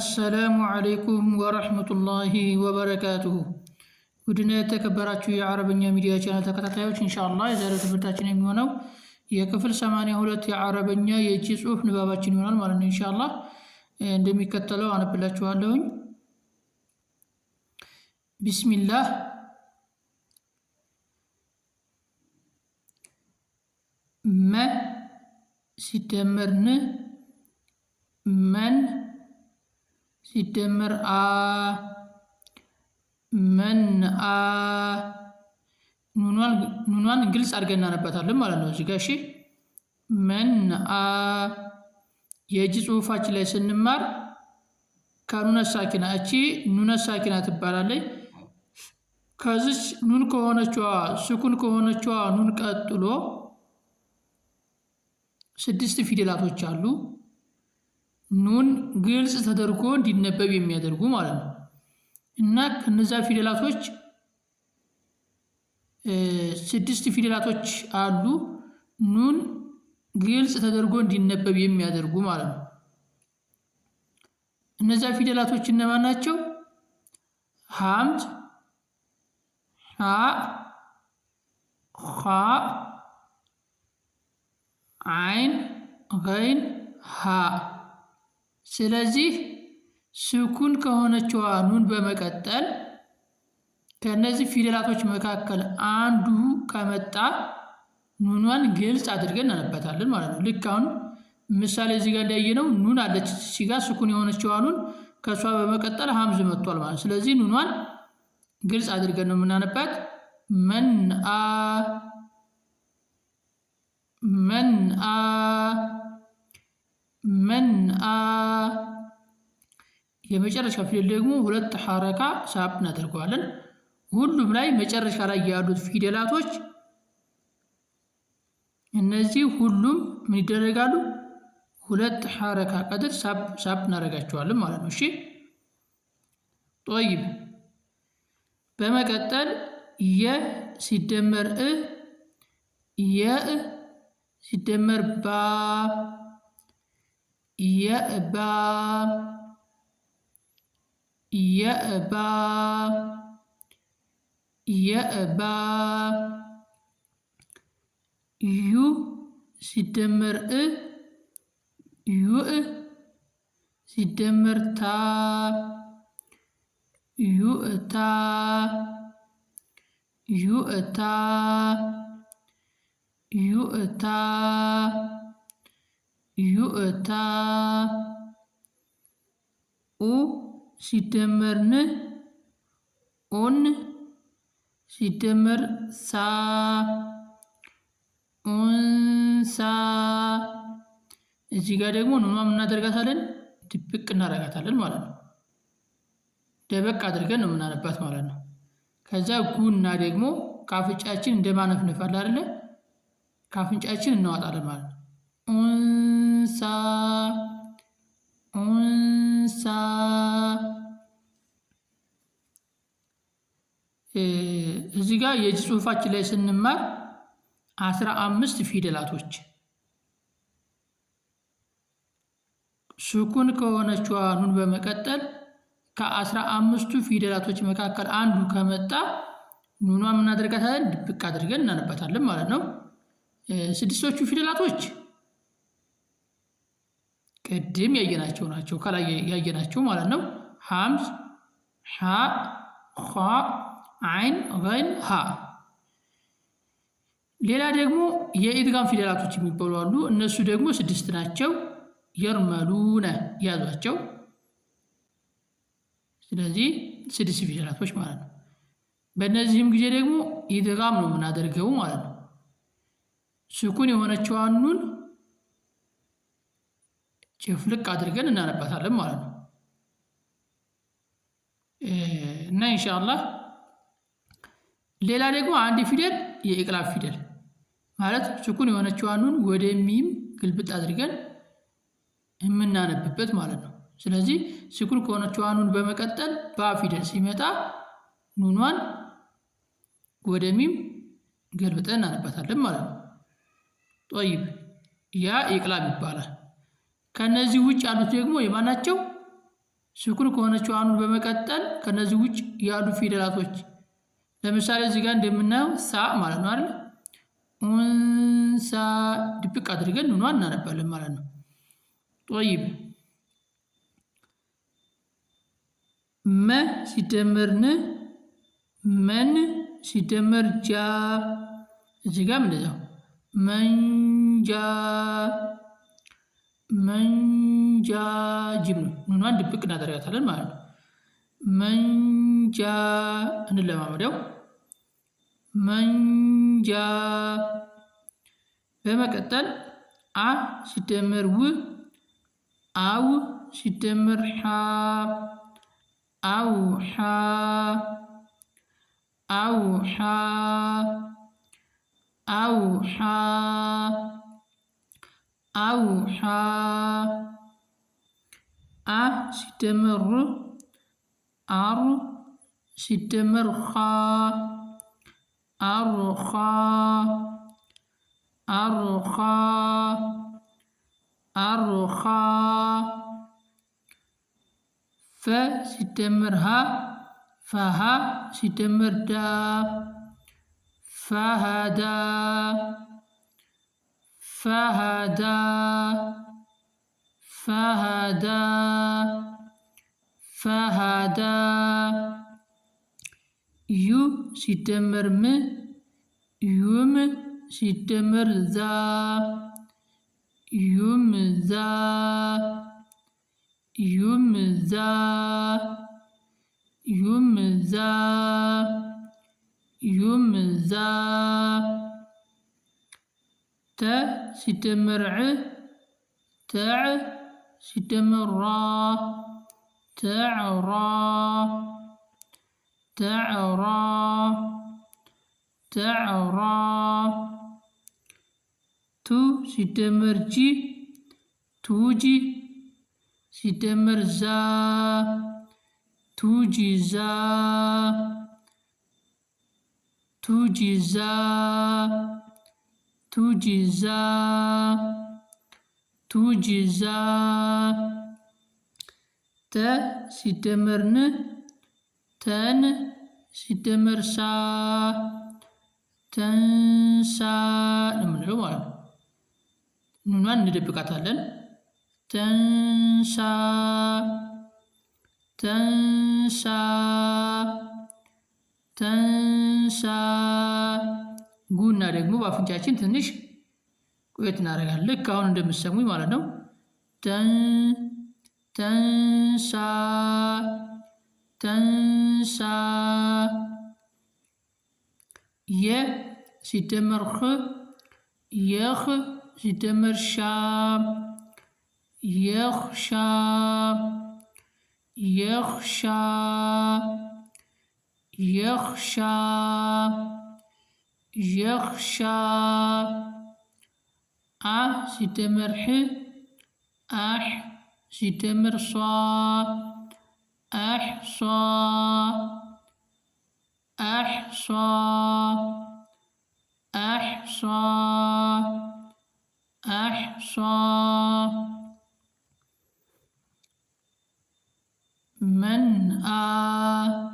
አሰላሙ አለይኩም ወረህመቱላሂ ወበረካቱሁ። ውድና የተከበራችሁ የአረበኛ ሚዲያ ቻናል ተከታታዮች እንሻላ የዛሬው ትምህርታችን የሚሆነው የክፍል 82 የአረበኛ የእጅ ጽሑፍ ንባባችን ይሆናል ማለት ነው። እንሻላ እንደሚከተለው አነብላችኋለሁኝ። ቢስሚላህ መ ሲደመርን መን ሲደመር አ መን አ ኑኗን ግልጽ አድርገን እናነባታለን ማለት ነው እዚህ ጋ እሺ። መን አ የእጅ ጽሁፋችን ላይ ስንማር ከኑነት ሳኪና እቺ ኑነ ሳኪና ትባላለች። ከዚች ኑን ከሆነችዋ ስኩን ከሆነችዋ ኑን ቀጥሎ ስድስት ፊደላቶች አሉ። ኑን ግልጽ ተደርጎ እንዲነበብ የሚያደርጉ ማለት ነው እና ከነዛ ፊደላቶች ስድስት ፊደላቶች አሉ። ኑን ግልጽ ተደርጎ እንዲነበብ የሚያደርጉ ማለት ነው። እነዛ ፊደላቶች እነማን ናቸው? ሐምድ፣ ሐ፣ ኻ፣ ዓይን፣ ገይን፣ ሃ? ስለዚህ ስኩን ከሆነችዋ ኑን በመቀጠል ከእነዚህ ፊደላቶች መካከል አንዱ ከመጣ ኑኗን ግልጽ አድርገን እናነበታለን ማለት ነው። ልክ አሁን ምሳሌ እዚህ ጋር እንዳየነው ኑን አለች ሲጋ ስኩን የሆነችዋ ኑን ከእሷ በመቀጠል ሀምዝ መጥቷል ማለት ስለዚህ ኑኗን ግልጽ አድርገን ነው የምናነባት። መን አ መን አ መንአ የመጨረሻ ፊደል ደግሞ ሁለት ሐረካ ሳብ እናደርገዋለን። ሁሉም ላይ መጨረሻ ላይ ያሉት ፊደላቶች እነዚህ ሁሉም ምን ይደረጋሉ? ሁለት ሐረካ ቀጥል ሳብ ሳብ እናደርጋቸዋለን ማለት ነው። እሺ ጦይብ። በመቀጠል የ ሲደመር እ የ ሲደመር ባ يأبى يأبى يأبى يو ستمر أ يو ستمر تا يو يو تا, يو تا ዩእታ ኡ ሲደመርን ኦን ሲደመር ሳ ኡንሳ። እዚህ ጋር ደግሞ ኑኗ እናደርጋታለን ድብቅ እናደርጋታለን ማለት ነው። ደበቅ አድርገን ነው የምናነባት ማለት ነው። ከዛ ጉና ደግሞ ከአፍንጫችን እንደማነፍነፍ አለ አይደለ? ከአፍንጫችን እናወጣለን ማለት ነው። ኡንሳ ኡንሳ እዚ ጋር የእጅ ጽሁፋችን ላይ ስንማር አስራ አምስት ፊደላቶች ሱኩን ከሆነችዋ ኑን በመቀጠል ከአስራ አምስቱ ፊደላቶች መካከል አንዱ ከመጣ ኑኗ ምናደርጋታለን? ድብቅ አድርገን እናነባታለን ማለት ነው። ስድስቶቹ ፊደላቶች ቅድም ያየናቸው ናቸው። ከላይ ያየናቸው ማለት ነው። ሐምዝ፣ ሐ፣ ኸ፣ ዓይን፣ ገይን፣ ሀ። ሌላ ደግሞ የኢድጋም ፊደላቶች የሚባሉ አሉ። እነሱ ደግሞ ስድስት ናቸው። የርመሉነ ያዟቸው። ስለዚህ ስድስት ፊደላቶች ማለት ነው። በእነዚህም ጊዜ ደግሞ ኢድጋም ነው የምናደርገው ማለት ነው። ስኩን የሆነችው አኑን ጭፍልቅ አድርገን እናነባታለን ማለት ነው እና ኢንሻአላህ ሌላ ደግሞ አንድ ፊደል የኢቅላብ ፊደል ማለት ስኩን የሆነችዋኑን ወደ ሚም ግልብጥ አድርገን የምናነብበት ማለት ነው። ስለዚህ ስኩን ከሆነችዋኑን በመቀጠል ባ ፊደል ሲመጣ ኑኗን ወደ ሚም ገልብጠን እናነባታለን ማለት ነው። ጦይብ ያ ኢቅላብ ይባላል። ከነዚህ ውጭ ያሉት ደግሞ የማናቸው ስኩን ከሆነችው አኑን በመቀጠል ከነዚህ ውጭ ያሉ ፊደላቶች ለምሳሌ እዚህ ጋር እንደምናየው ሳ ማለት ነው አይደል? ኡንሳ ድብቅ አድርገን ኑኗ እናነባለን ማለት ነው። ጦይብ መ ሲደመርን መን ሲደመር ጃ እዚህ ጋርም እንደዚያው መንጃ መንጃጅም ነው። ምኗን ድብቅ እናደርጋታለን ማለት ነው። መንጃ እንለማመደው። መንጃ በመቀጠል አ ሲደመር ው አው ሲደመር ሓ አው ሓ አው ሓ አው ሓ أوحى أ ستمر أر ستمر خا أرخا أرخا أرخا ف شتمر ها فها شتمر دا فهدا fehada fehada fehada yu sitemir mi yum sitemir za yum za yum za yum za yum za te ستمر ع تع ستمر را را تاع را تو ستمر جي توجي ستمر زا توجي زا توجي زا ቱጅዛ ቱጅዛ ተ ሲደመርን ተን ሲደመር ሳ ተንሳ ነው ማለት ነው። ኑኗን እንደብቃታለን። ተንሳ ተንሳ ተንሳ قولنا رقمو بافنجاشين تنش قويتنا رقال لك هون اندى مستموي مالانو تن تنسا تنسا ي ستمر خ يخ ستمر شا يخشى يخشى يخشى, يخشى يخشى أه ستمر ح أح ستمر ص أحصى أحصى أحصى أحصى من آ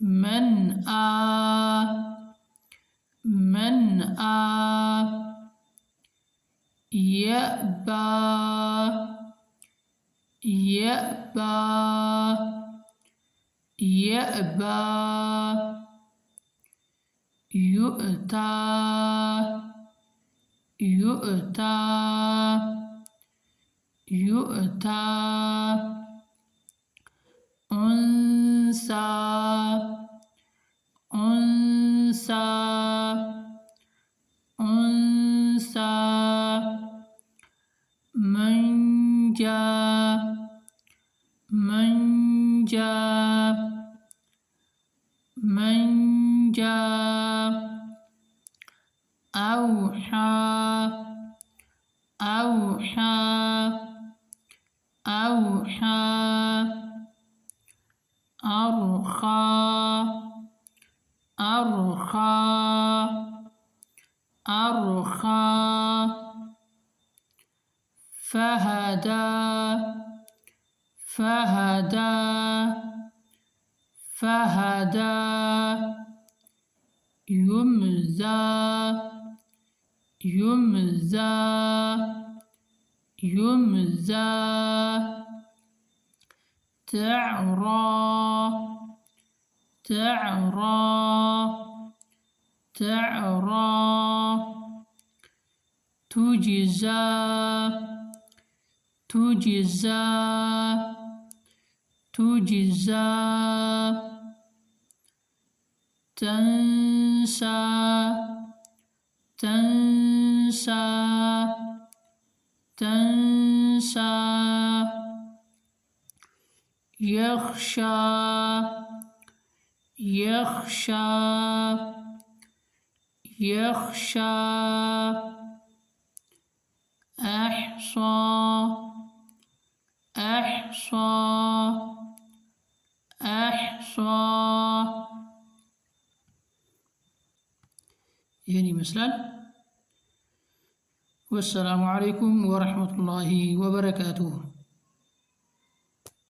من آ من آ آه، يأبى يأبى يأبى يؤتى يؤتى يؤتى أنثى أنثى من جاء من جاء أوحى أوحى أوحى أرخى أرخى أرخى فهدى فهدى فهدى يمزى يمزى يمزى تعرى تعرى تعرى تجزى تجزى تجزى تنسى تنسى تنسى يخشى يخشى يخشى أحصى ይህን ይመስላል። ወሰላሙ አለይኩም ወረሕመቱላሂ ወበረካቱሁ።